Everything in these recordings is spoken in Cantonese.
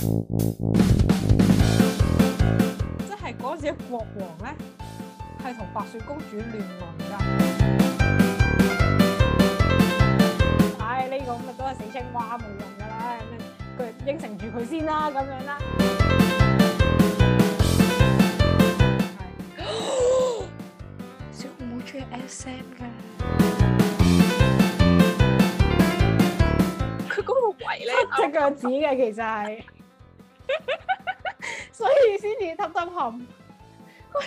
即係嗰陣時，國王咧係同白雪公主聯盟噶。唉，呢個咁啊，都係死青蛙冇用噶啦。佢應承住佢先啦，咁樣啦。小紅帽追 S M 噶，佢嗰個圍咧，七隻腳趾嘅，其實係。所以先至耷耷冇，佢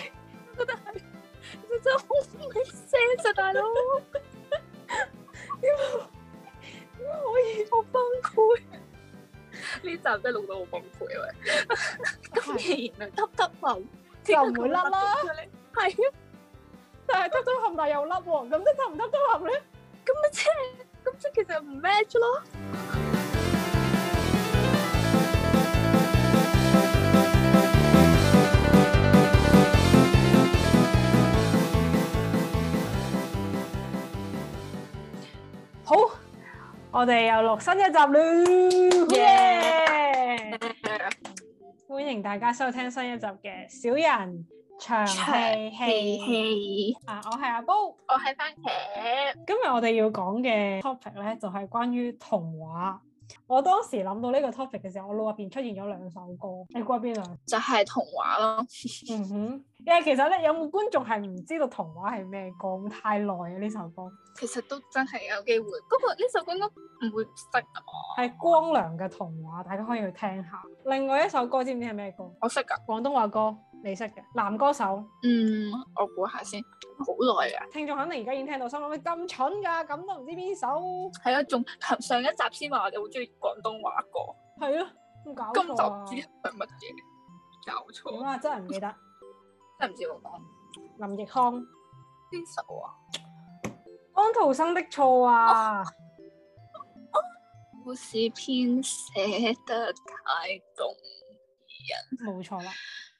真係真係好唔識做大佬，點解可以好崩潰？呢集真係錄到我崩潰喎，咁型啊，耷耷冇又唔會甩啦，係啊，但係耷咗冇但又甩喎，咁都耷唔耷耷冇咧？咁咪即係咁即係其實唔 match 咯。我哋又錄新一集啦，耶！Yeah！Yeah. Uh, 歡迎大家收聽新一集嘅小人長氣氣。氣氣啊，我係阿煲，我係番茄。今日我哋要講嘅 topic 咧，就係、是、關於童話。我當時諗到呢個 topic 嘅時候，我腦入邊出現咗兩首歌，你估係邊兩？就係童話咯。嗯哼，因為誒，其實咧有冇觀眾係唔知道童話係咩歌？太耐啊呢首歌。其實都真係有機會，不過呢首歌都唔會識啊嘛。係光良嘅童話，大家可以去聽下。另外一首歌知唔知係咩歌？我識㗎，廣東話歌。你識嘅男歌手，嗯，我估下先，好耐啊！聽眾肯定而家已經聽到心，心諗咁蠢噶，咁都唔知邊首？係啊，仲上一集先話我哋好中意廣東話歌，係啊，咁搞、啊、今集唔知係乜嘢？搞錯、嗯、啊！真係唔記得，真係唔知我講林奕匡？邊首啊？《安徒生的錯》啊，故、哦哦哦、事編寫得太動人，冇錯啦。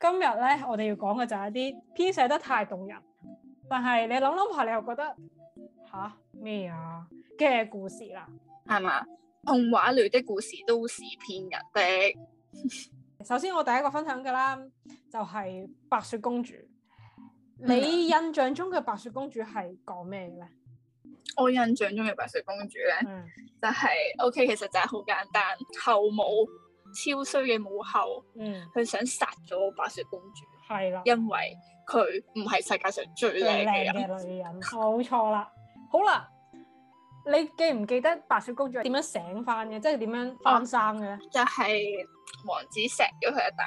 今日咧，我哋要講嘅就係一啲編寫得太動人，但係你諗諗下，你又覺得吓咩啊嘅故事啦，係嘛？童話類的故事都是騙人的。 首先，我第一個分享嘅啦，就係白雪公主。嗯、你印象中嘅白雪公主係講咩咧？我印象中嘅白雪公主咧，嗯、就係、是、OK，其實就係好簡單，後母。超衰嘅母后，佢、嗯、想殺咗白雪公主，係啦的，因為佢唔係世界上最靚嘅女人。冇錯 啦，好啦，你記唔記得白雪公主點樣醒翻嘅？即係點樣翻生嘅咧、啊？就係、是、王子錫咗佢一啖，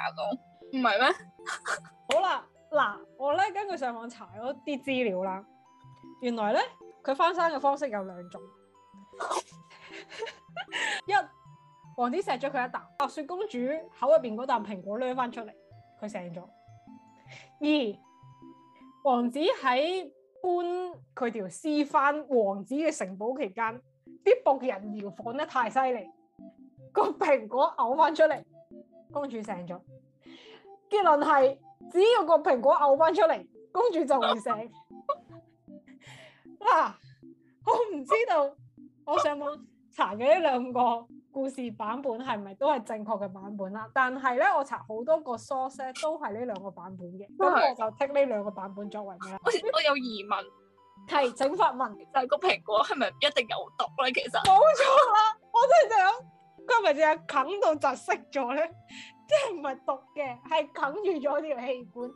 唔係咩？ 好啦，嗱，我咧跟佢上網查咗啲資料啦。原來咧，佢翻生嘅方式有兩種，一。 王子錫咗佢一啖，白、啊、雪公主口入邊嗰啖蘋果掠翻出嚟，佢醒咗。二，王子喺搬佢條屍翻王子嘅城堡期間，啲僕人搖晃得太犀利，個蘋果嘔翻出嚟，公主醒咗。結論係只要個蘋果嘔翻出嚟，公主就會醒。嗱、 啊，我唔知道，我上網查嘅呢兩個故事版本係咪都係正確嘅版本啦？但係咧，我查好多個 source 都係呢兩個版本嘅，咁是我就剔呢兩個版本作為啦。我我有疑問，提請 發問，就係個蘋果係咪一定有毒咧？其實冇錯啦，我真係就係佢係咪淨係啃到窒息咗咧？即係唔係毒嘅，係啃住咗條氣管，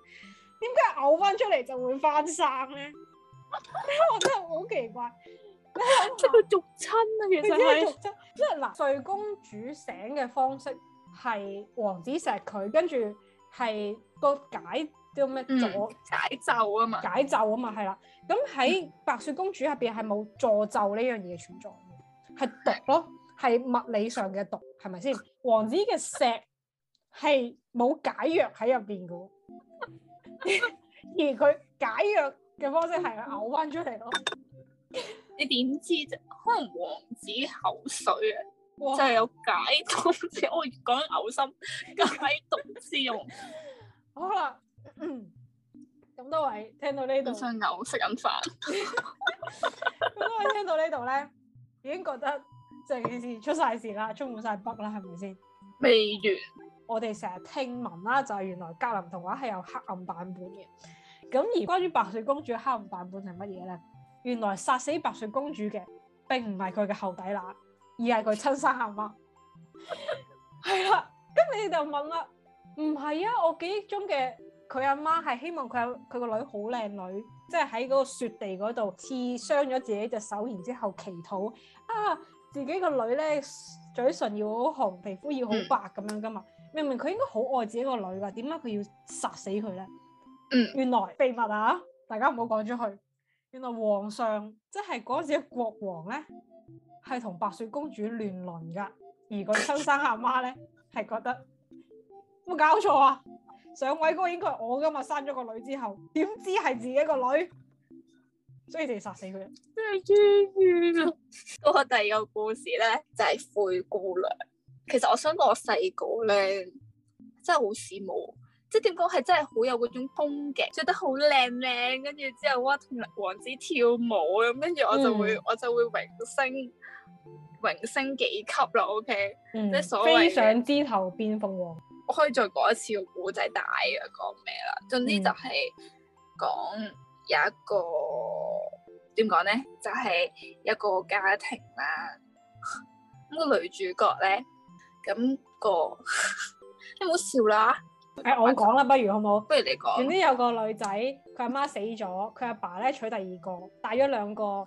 點解嘔翻出嚟就會翻生咧？ 我真係好奇怪。即係佢毒親啊，親 其實係即係嗱，睡公主醒嘅方式係王子錫佢，跟住係個解叫咩助解咒啊嘛，解咒啊嘛係啦。咁喺白雪公主入邊係冇詛咒呢樣嘢存在，嘅，係毒咯，係物理上嘅毒係咪先？王子嘅錫係冇解藥喺入邊嘅， 而佢解藥嘅方式係嘔翻出嚟咯。你點知啫？可能王子口水啊，哇就係有解毒。 我講緊嘔心解毒之用。 好啦，咁、嗯、多位， 位聽到呢度想嘔，食緊飯。咁多位聽到呢度咧，已經覺得件事出晒事啦，充滿晒北啦，係咪先？未完。我哋成日聽聞啦，就係、是、原來格林童話係有黑暗版本嘅。咁而關於白雪公主黑暗版本係乜嘢咧？原來殺死白雪公主嘅，並唔係佢嘅後底乸，而係佢親生阿媽。係 啦，咁你就問啦，唔係啊？我記憶中嘅佢阿媽係希望佢有佢個女好靚女，即係喺嗰個雪地嗰度刺傷咗自己隻手，然之後祈禱啊，自己個女咧嘴唇要好紅，皮膚要好白咁樣噶嘛。嗯、明明佢應該好愛自己個女噶，點解佢要殺死佢咧？嗯，原來秘密啊！大家唔好講出去。原來皇上即係嗰陣時嘅國王咧，係同白雪公主亂倫噶，而佢親生阿媽咧係覺得冇搞錯啊？上位嗰個應該係我噶嘛，生咗個女之後，點知係自己個女，所以就殺死佢。真係冤啊！嗰個第二個故事咧就係、是、灰姑娘，其實我想我細個咧真係好羨慕。即係點講係真係好有嗰種風格，著得好靚靚，跟住之後哇同王子跳舞咁，跟住我就會、嗯、我就會榮升榮升幾級啦。OK，即係、嗯、所謂飛上枝頭變鳳凰。我可以再講一次個古仔大概講咩啦？總之就係、是、講、嗯、有一個點講咧，就係、是就是、一個家庭啦、啊。咁、那個女主角咧，咁、那個 你唔好笑啦。誒、哎、我講啦，不如好唔好？不如你講。總之有個女仔，佢阿媽死咗，佢阿爸咧娶第二個，帶咗兩個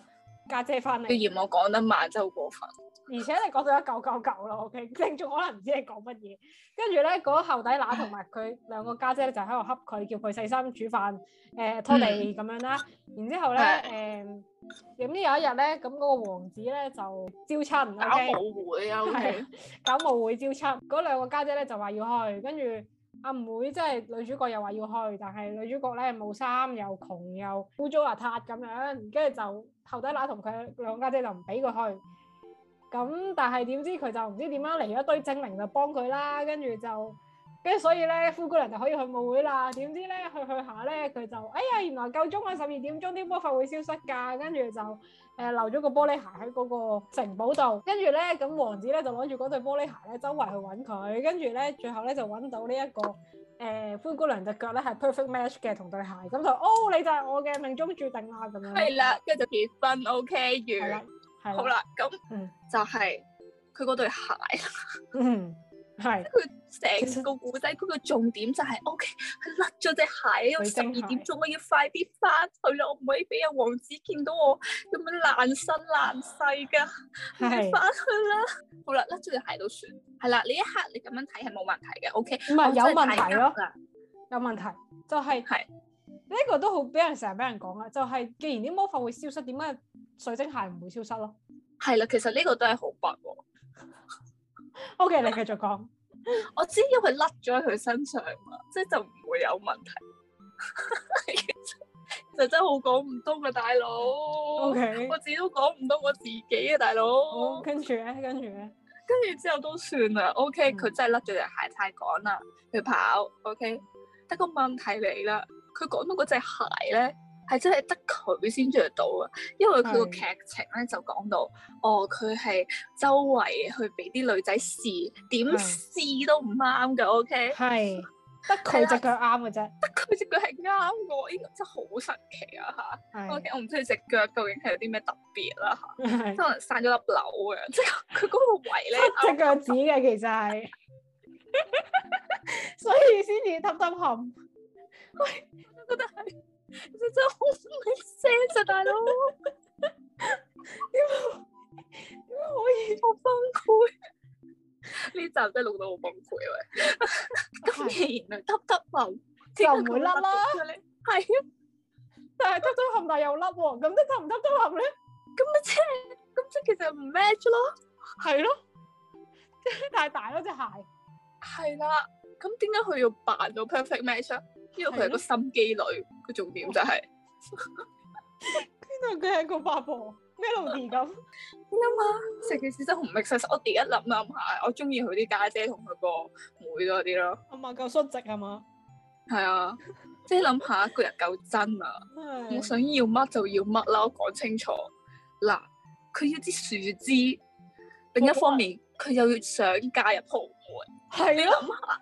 家姐翻嚟。嫌我講得慢，真係好過分。而且你講到一舊舊舊啦，OK，聽眾可能唔知你講乜嘢。跟住咧，嗰、那個、後底乸同埋佢兩個家姐咧，就喺度恰佢，叫佢細心煮飯，誒、呃、拖地咁樣啦。然之後咧，誒、嗯，總之是、嗯、有一日咧，咁、那、嗰個王子咧就招親、okay? 搞舞會啊、okay? 搞舞會招親，嗰兩個家姐咧就話要去，跟住。阿妹即係女主角，又話要去，但係女主角咧冇衫，又窮又污糟邋遢咁樣，跟住就後底乸同佢兩家姐就唔俾佢去，咁但係點知佢就唔知點樣嚟咗一堆精靈就幫佢啦，跟住就。跟住所以咧，灰姑娘就可以去舞會啦。點知咧，去去下咧，佢就哎呀，原來夠鐘啊！十二點鐘啲魔法會消失噶。跟住就誒留咗個玻璃鞋喺嗰個城堡度。跟住咧，咁王子咧就攞住嗰對玻璃鞋咧，周圍去揾佢。跟住咧，最後咧就揾到呢一個誒灰姑娘隻腳咧係 perfect match 嘅同對鞋。咁就哦，你就係我嘅命中註定啦咁樣。係啦，跟住就結婚。OK 完，係啦，好啦，咁就係佢嗰對鞋。嗯。係，即佢成個古仔，佢嘅重點就係，O K，佢甩咗隻鞋喺度，十二點鐘，我要快啲翻去啦，我唔可以俾阿王子見到我咁樣爛身爛世噶，快翻是去啦。好啦，甩咗隻鞋都算，係啦，呢一刻你咁樣睇係冇問題嘅，O K，唔係有問題咯，有問題，就係、是、呢是個都好俾人成日俾人講啦，就係、是、既然啲魔法會消失，點解水晶鞋唔會消失咯？係啦，其實呢個都係好白喎。O Okay , K，你繼續講。 我知，因為甩咗喺佢身上嘛，即係就唔會有問題。其實就真係好講唔通啊，大佬。O Okay . K，我自己都講唔到我自己啊，大佬。跟住咧，跟住咧，跟住、啊、之後都算啦。O K，佢真係甩咗隻鞋太趕啦，佢跑。O、okay? K，但個問題嚟啦，佢講到嗰隻鞋咧。係 真係得佢先着到啊！因為佢個劇情咧就講到，哦，佢係周圍去俾啲女仔試，點試都唔啱噶。OK，係得佢隻腳啱嘅啫，得佢隻腳係啱我！呢、這個真係好神奇啊！吓是，k、okay, 我唔知佢隻腳究竟係有啲咩特別啦、啊，吓是，可能散咗粒瘤嘅，即係佢嗰個圍咧隻腳趾嘅， 其實係是， 所以先至氹氹含，喂！ 我都覺得係。 你真係好唔識咋，大佬？點解點解可以咁崩潰？呢集真係錄到好崩潰喂，咁型啊，耷耷笠，又唔會甩咯。係，但係耷咗咁大又甩喎，咁都耷唔耷得落咧？咁咪即係咁即係其實唔 match 咯，係咯，即係太大咯隻鞋。係啦，咁點解佢要扮到 perfect match 啊？因為佢係個心機女，個重點就係，原來佢係個八婆 melody 咁，啱啊！成件事真係唔 make sense。我第一諗諗下，我中意佢啲家姐同佢個妹嗰啲咯。啱啊，夠率直吖嘛？係啊，即係諗下個人夠真啊！我想要乜就要乜啦，我講清楚。嗱，佢要啲樹枝，另一方面佢又要想嫁入豪門，係咯？你諗下？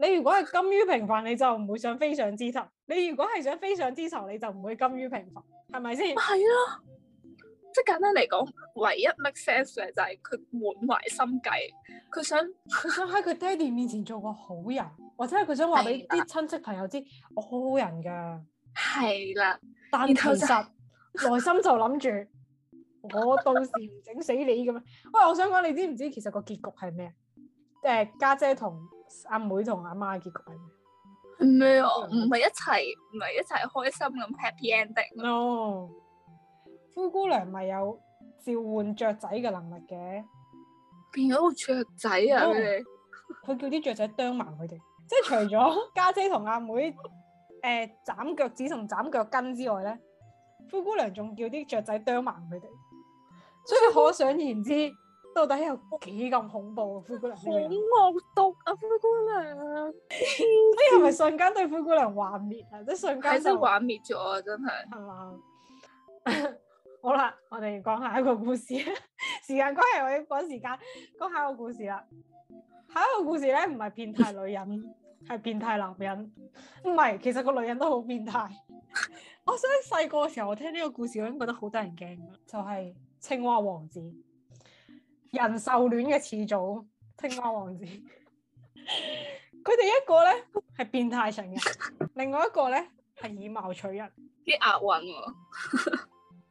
你如果係甘於平凡，你就唔會想飛上枝頭。你如果係想飛上枝頭，你就唔會甘於平凡，係咪先？係咯，即係簡單嚟講，唯一 make sense 嘅就係佢滿懷心計，佢 想佢想喺佢爹哋面前做個好人，或者係佢想話俾啲親戚朋友知，的我好好人㗎。係啦的，但其實內心就諗住我到時整死你咁樣。 喂，我想講，你知唔知其實個結局係咩？誒家姐同阿妹同阿媽嘅結局係咩？係咩啊？唔係一齊，唔係一齊開心咁 happy ending 咯。灰姑娘咪有召喚雀仔嘅能力嘅，變咗個雀仔啊！佢叫啲雀仔啄盲佢哋，即係除咗家姐同阿妹誒斬腳趾同斬腳筋之外咧，灰姑娘仲叫啲雀仔啄盲佢哋，所以可想而知。到底有幾咁恐怖？灰姑娘好惡毒啊！灰姑娘，所以你係咪瞬間對灰姑娘幻滅啊？即係瞬間就幻滅咗啊！真係係嘛？好啦，我哋講下一個故事。 時間關係，我要趕時間，講下一個故事啦。下一個故事咧，唔係變態女人，係 變態男人。唔係，其實個女人都好變態。我想細個嘅時候，我聽呢個故事，我已經都覺得好得人驚。就係青蛙王子。人獸戀嘅始祖，青蛙王子，佢 哋一個咧係變態成人，另外一個咧係以貌取人。啲押韻喎，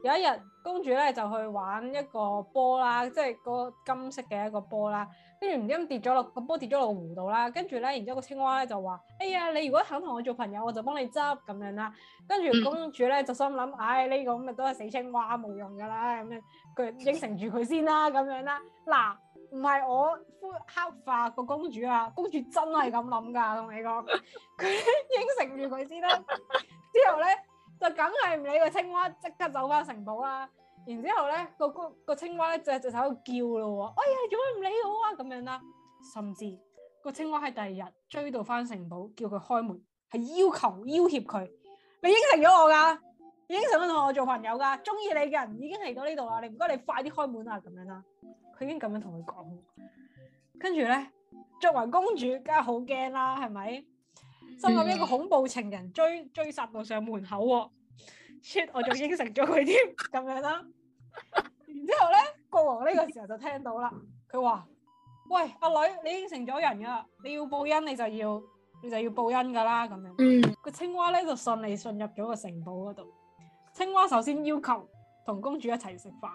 有一日公主咧就去玩一個波啦，即係個金色嘅一個波啦。跟住唔知點跌咗落個波跌咗落個湖度啦，跟住咧，然之後個青蛙咧就話，哎呀，你如果肯同我做朋友，我就幫你執咁樣啦。跟住公主咧就心諗，唉、哎，呢、呢個咁嘅都係死青蛙冇用噶啦，咁樣佢應承住佢先啦，咁樣啦。嗱，唔係、啊、我黑化個公主啊，公主真係咁諗噶，同 你講，佢應承住佢先啦、啊。之後咧就梗係唔理個青蛙，即刻走翻城堡啦。然之後咧，個個青蛙咧就隻手喺度叫咯，哎呀，做咩唔理我啊？咁樣啦，甚至個青蛙喺第二日追到翻城堡，叫佢開門，係要求要挾佢，你應承咗我噶，你應承咗同我做朋友噶，中意你嘅人已經嚟到呢度啦，你唔該你快啲開門啊！咁樣啦，佢已經咁樣同佢講，跟住咧，作為公主，梗係好驚啦，係咪？心諗一個恐怖情人追追殺到上門口喎。Shit, 我仲應承咗佢添，咁樣啦。 然之後咧，國王呢個時候就聽到啦，佢話：喂，阿女，你應承咗人噶，你要報恩，你就要，你就要報恩噶啦。咁樣，個、嗯、青蛙咧，就順利進入咗個城堡嗰度。青蛙首先要求同公主一齊食飯。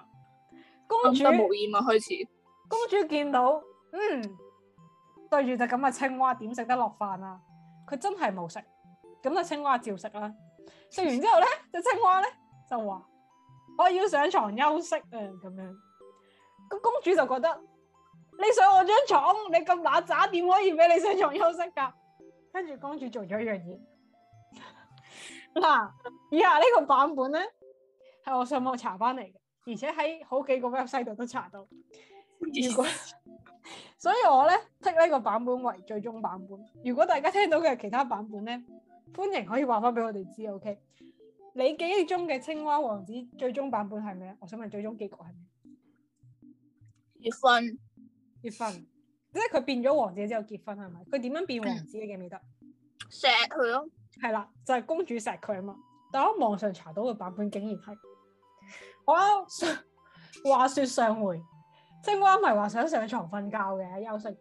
公主無厭啊，開始。公主見到，嗯，對住隻咁嘅青蛙，點食得落飯啊？佢真係冇食，咁啊，青蛙照食啦。食完之後咧，隻、那個、青蛙咧就話：我要上床休息啊！咁、嗯、樣，咁公主就覺得你上我張床，你咁乸渣，點可以俾你上床休息噶？跟住公主做咗一樣嘢。嗱、 啊，以下呢個版本咧係我上網查翻嚟嘅，而且喺好幾個 website 度都查到，如果，所以我咧剔呢個版本為最終版本。如果大家聽到嘅係其他版本咧，歡迎可以話翻俾我哋知 OK 你記憶中嘅青蛙王子最終版本係咩？我想問最終結局係咩？結婚，結婚，即係佢變咗王子之後結婚係咪？佢點樣變王子，嗯、你記唔記得？錫佢咯，係啦，就係、是、公主錫佢啊嘛。但我網上查到個版本竟然係我話説上回青蛙唔係話想上床瞓覺嘅休息嘅，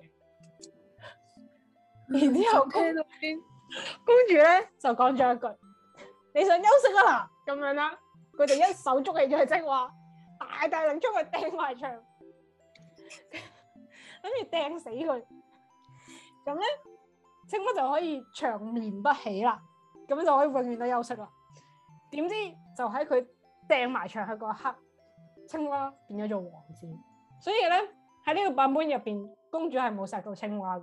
然之後傾到邊？公主咧就講咗一句：你想休息啊啦，咁樣啦。佢哋一手捉起隻青蛙，大大力捉佢掟埋牆，諗住掟死佢。咁咧，青蛙就可以長眠不起啦。咁就可以永遠都休息啦。點知就喺佢掟埋牆喺嗰一刻，青蛙變咗做王子。所以咧喺呢個版本入邊，公主係冇殺到青蛙嘅。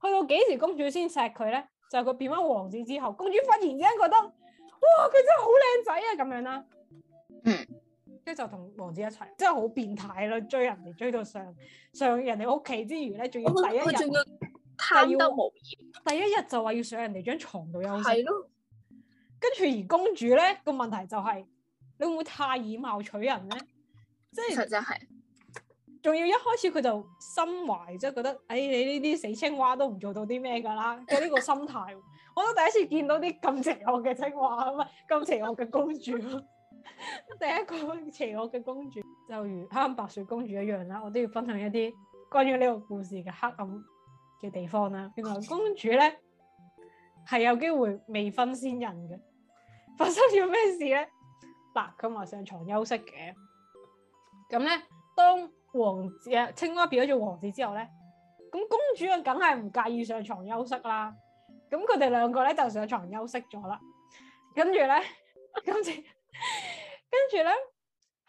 去到幾時公主先殺佢咧？就係佢變翻王子之後，公主忽然之間覺得，哇佢真係好靚仔啊咁樣啦，嗯，跟住就同王子一齊，真係好變態啦，追人哋追到上上人哋屋企之馀咧，仲要第一日貪得無厭，第一日就話要上人哋張床度休息，係咯的，跟住而公主咧個問題就係、是，你會唔會太以貌取人咧？即係。仲要一開始佢就心懷即係覺得，哎，你呢啲死青蛙都唔做到啲咩噶啦，咁呢個心態，我都第一次見到啲咁邪惡嘅青蛙，咁邪惡嘅公主， 第一個邪惡嘅公主就如《黑暗白雪公主》一樣啦，我都要分享一啲關於呢個故事嘅黑暗嘅地方啦。原來公主咧係有機會未婚先孕嘅，發生咗咩事咧？嗱、啊，佢話上床休息嘅，咁咧當，王子啊，青蛙變咗做王子之後咧，咁公主梗係唔介意上床休息啦。咁佢哋兩個咧就上床休息咗啦。跟住咧，跟住跟住咧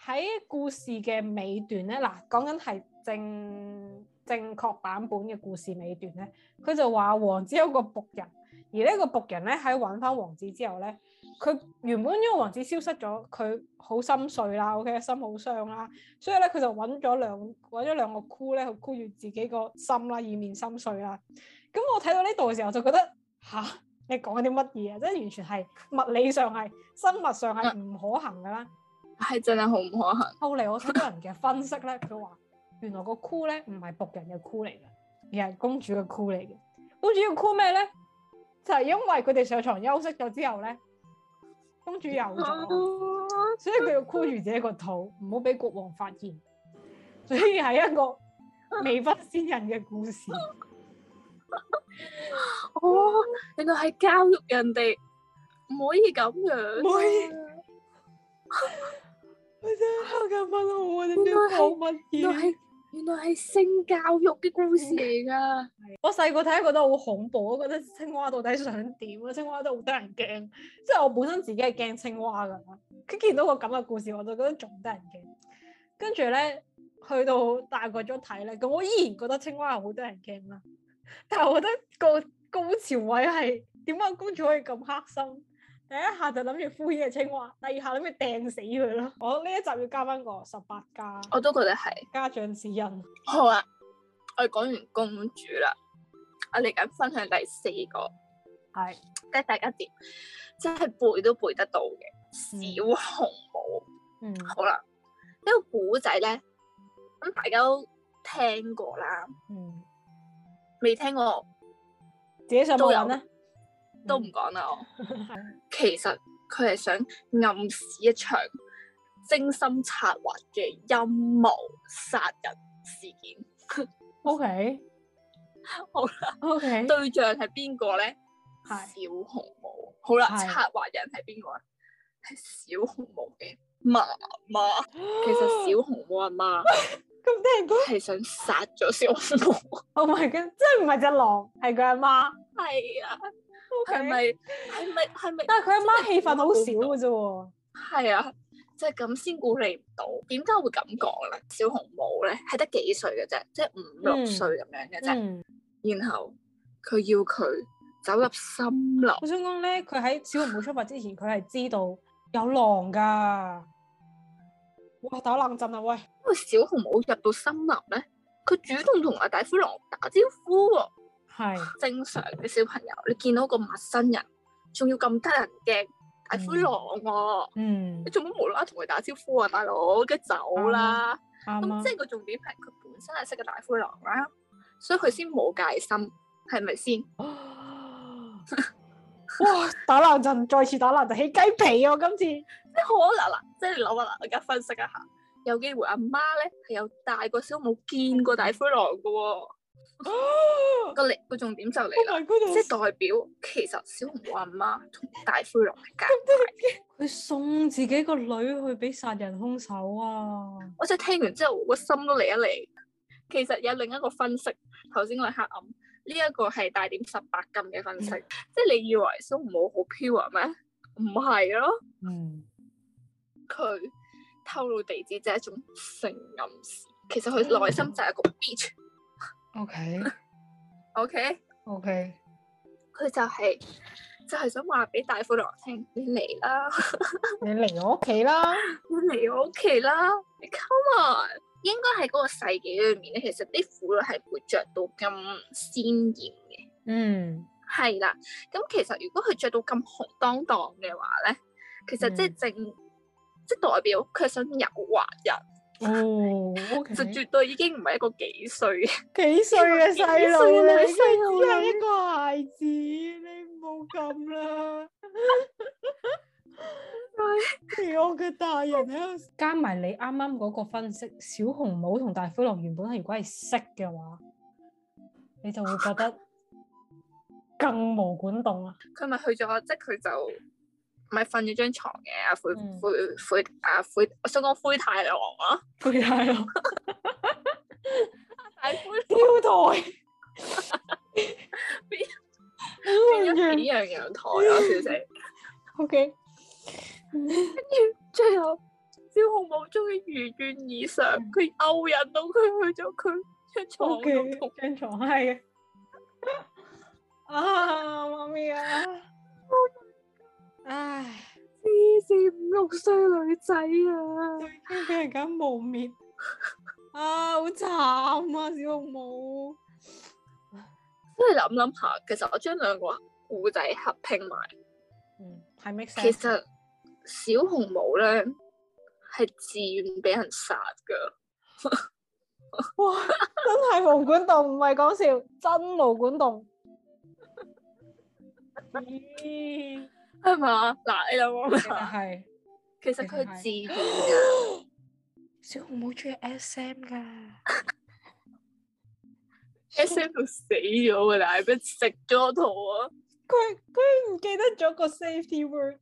喺故事嘅尾段咧，嗱，講緊係正正確版本嘅故事尾段咧，佢就話王子有個僕人，而呢個僕人咧喺搵返王子之後咧。佢原本因為王子消失咗，佢好心碎啦，OK，心好傷啦，所以咧佢就揾咗兩揾咗兩個箍咧去箍住自己個心啦，以免心碎啦。咁我睇到呢度嘅時候就覺得吓、啊？你講緊啲乜嘢啊？即係完全係物理上係、生物上係唔可行㗎啦，係、啊、真係好唔可行。後嚟我睇到人嘅分析咧，佢話 原來個箍咧唔係僕人嘅箍嚟嘅，而係公主嘅箍嚟嘅。公主要箍咩咧？就係、是、因為佢哋上床休息咗之後咧。公主又做，所以佢要箍住自己個肚，唔好俾國王發現。所以係一個未婚先人嘅故事。哦，原來係教育人哋唔可以咁樣。唔可以。真係好幸福啊！真係好溫馨。原來係性教育嘅故事嚟噶、嗯，我細個睇覺得好恐怖，我覺得青蛙到底想點啊？青蛙都好得人驚，即係我本身自己係驚青蛙噶，佢見到個咁嘅故事，我就覺得仲得人驚。跟住咧，去到大個咗睇咧，咁我依然覺得青蛙係好得人驚啦。但係我覺得個高潮位係點解公主可以咁黑心？第一下就諗住敷衍嘅青蛙，第二下諗住掟死佢咯。我呢一集要加翻個十八加，我都覺得係家長指引。好啦，我哋講完公主啦，我嚟緊分享第四個，係即係大家點，真係背都背得到嘅、嗯、小紅帽。嗯，好啦、啊，這個、呢個古仔咧，咁大家都聽過啦。嗯，未聽過，自己想有有人呢？都唔講啦！我其實佢係想暗示一場精心策劃嘅陰謀殺人事件。O K，好啦。O K，對象係邊個咧？是小紅帽。好啦，是策劃人係邊個啊？係小紅帽嘅媽媽。其實小紅帽阿媽咁聽講，係想殺咗小紅帽。我 Oh my god，真唔係隻狼，係佢阿媽。係啊。係咪？係咪 Okay.？係咪？是是但係佢阿媽戲份好少嘅啫。係啊，即係咁先估你唔到。點解會咁講咧？小紅帽咧係得幾歲嘅啫，即係五六歲咁樣嘅啫。然後佢要佢走入森林。我想講咧，佢喺小紅帽出發之前，佢係知道有狼噶。 哇！打冷震啦，喂！因為小紅帽入到森林咧，佢主動同阿大灰狼打招呼。係正常嘅小朋友，你見到個陌生人，仲要咁得人驚大灰狼、啊。嗯，你做乜無啦啦同佢打招呼啊，大佬，啊啊、即係走啦。咁即係佢仲表明佢本身係識嘅大灰狼啦，所以佢先冇戒心，係咪先？ 哇！打冷震，再次打冷就起雞皮啊！今次即係 可能啦、啊，即係你諗下啦，大家分析一下，有機會阿媽咧係有大個少冇見過大灰狼嘅、啊。個嚟、啊、個重點就嚟啦，oh、my God, 即係代表其實小紅帽阿媽同大灰狼係奸細，佢 送自己個女去俾殺人凶手啊！我就係聽完之後個心都嚟一嚟。其實有另一個分析，頭先嗰個黑暗呢一、這個係帶點十八禁嘅分析，嗯、即係你以為小紅帽好 pure 咩？唔係咯，嗯，佢透露地址即係一種性暗示，其實佢內心就係一個 beach。O K，O K，O K，佢就係、是、就係、是、想話俾大灰狼聽，你嚟啦， 你嚟我屋企啦，你嚟我屋企啦，Come on，應該喺嗰個世紀裏面咧，其實啲婦女係唔會着到咁鮮艷嘅，嗯，係啦，咁其實如果佢着到咁紅噹噹嘅話咧，其實即係正，即係、嗯、代表佢想誘惑人。哦，Okay. 就絕對已經唔係一個幾歲嘅幾歲嘅細路女，細只一個孩子， 你唔好咁啦，係 我嘅大人啊！ 加埋你啱啱嗰個分析，小紅帽同大灰狼原本係如果係識嘅話，你就會覺得更無管動啊！佢咪 去咗，即係佢就。咪瞓咗張床嘅阿灰灰灰阿灰，灰，灰，灰，我想講灰太狼啊。 灰太狼，大灰。陽台。變咗幾樣陽台啊，笑死。O K，跟住最後小紅帽終於如願以償，佢 Okay. 勾引到佢去咗佢張床度，同張床開。啊媽咪啊！唉，二四五六歲女仔啊，最驚俾人咁污衊啊，好慘啊！小紅帽，真係諗諗下，其實我將兩個古仔合拼埋，嗯，係咩？其實、嗯、小紅帽咧係自願俾人殺噶， 哇！真係毛管戙唔係講笑，真毛管戙。 係嘛？嗱，你諗下啦，係。其實佢自小紅帽中意 S M 噶，S M 死咗㗎啦！俾食咗肚啊！佢佢唔記得咗個 safety word。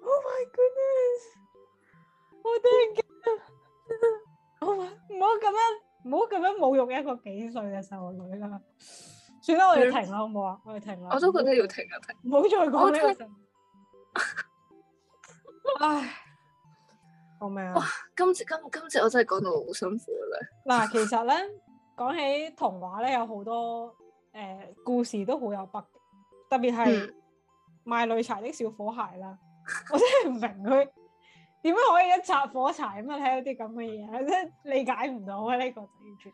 Oh my goodness！我哋唔記得。唔好，唔好咁樣，唔好咁樣侮辱一個幾歲嘅細路女啦～算啦，我要停啦，好唔好啊？我要停啦。我都覺得要停一停，唔好再講呢個。唉，好咩啊？哇！今次今今次我真係講到好辛苦咧。嗱，其實咧，講起童話咧，有好多誒故事都好有背景，特別係賣女柴的小火鞋啦。我真係唔明佢點樣可以一擦火柴咁樣睇到啲咁嘅嘢，真係理解唔到啊！呢個完全。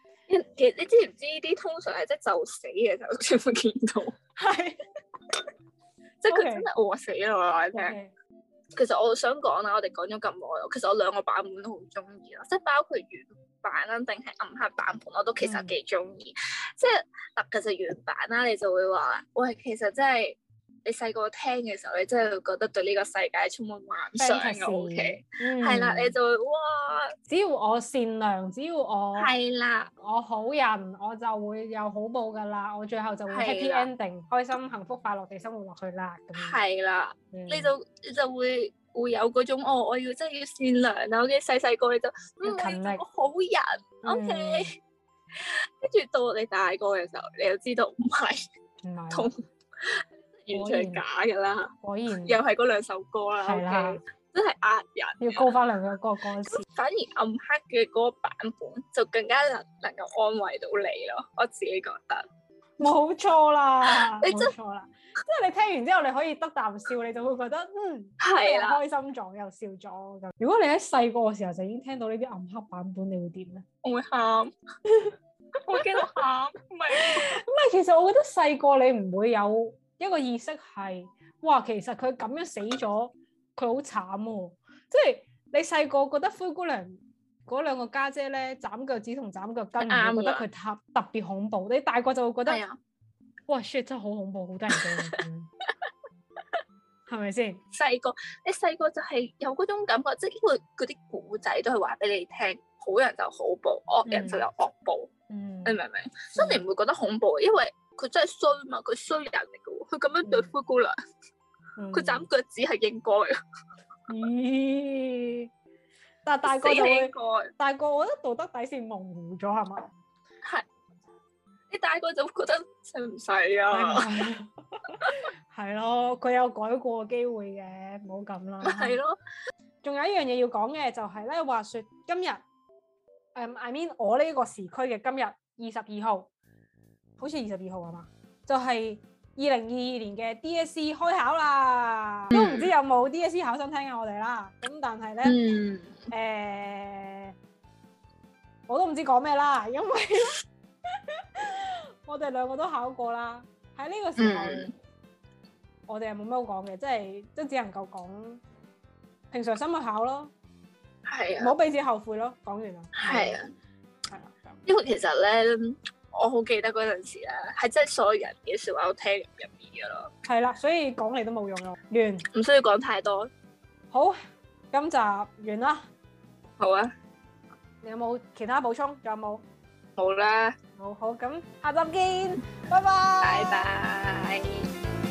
其實你知唔知呢啲通常係即係就死嘅，就冇見到。係 即係佢真係餓死咯！我話你聽。其實我想講啦，我哋講咗咁耐，其實我兩個版本都好中意咯，即係包括原版啦，定係暗黑版本，我都其實幾中意。嗯、即係嗱，其實原版啦、啊，你就會話，喂，其實真係。你細個聽嘅時候，你真係會覺得對呢個世界充滿幻想嘅，O K，係啦，你就會哇，只要我善良，只要我係啦，我好人，我就會有好報噶啦，我最後就會 happy ending，開心、幸福、快樂地生活落去啦。係啦，你就就會會有嗰種哦，我要真係要善良啊！咁細細個你就唔係做好人，O K，跟住到你大個嘅時候，你就知道唔係，原來同。完全係假噶啦，果然又係嗰兩首歌啦，係啦，真係呃人。要高翻兩個歌詞，反而暗黑嘅嗰個版本就更加能能夠安慰到你咯，我自己覺得。冇錯啦， 你真，錯啦即係你聽完之後你可以得啖笑，你就會覺得嗯係啦，的開心咗又笑咗咁。如果你喺細個嘅時候就已經聽到呢啲暗黑版本，你會點咧？我會喊，我記得喊，唔係唔係，其實我覺得細個你唔會有。一個意識係，哇！其實佢咁樣死咗，佢好慘喎、哦。即係你細個覺得灰姑娘嗰兩個家姐咧，斬腳趾同斬腳跟，覺得佢特特別恐怖。你大個就會覺得，的哇！shit，真係好恐怖，好得人驚，係咪先？細個你細個就係有嗰種感覺，即係因為嗰啲古仔都係話俾你聽，好人就好報，惡人就有惡報。嗯，你明唔明？所以你唔會覺得恐怖，因為。佢真係衰嘛，佢衰人嚟噶喎，佢咁樣對灰姑娘，佢斬腳趾係應該嘅。咦？但係大個就會大個，我覺得道德底綫模糊咗，係嘛？係。你大個就會覺得使唔使啊？係咯，佢有改過機會嘅，唔好咁啦。係咯。仲有一樣嘢要講嘅就係咧，話說今日，嗯，I mean 我呢個時區嘅今日二十二號。好似二十二號啊嘛，就係二零二二年嘅 DSE 開考啦，嗯、都唔知有冇 DSE 考生聽緊我哋啦。咁但係咧，誒，我都唔知講咩啦，因為 我哋兩個都考過啦。喺呢個時候，嗯、我哋係冇乜好講嘅，即係都只能夠講平常心去考咯。係，唔好俾自己後悔咯。講完啦，係啊，對啊因為其實咧。我好記得嗰陣時咧，係真係所有人嘅説話都聽入面㗎喇。係啦，所以講嚟都冇用咯，完唔需要講太多。好，今集完啦。好啊。你有冇其他補充？有冇？冇啦。好，好咁，下集見。拜拜。拜拜。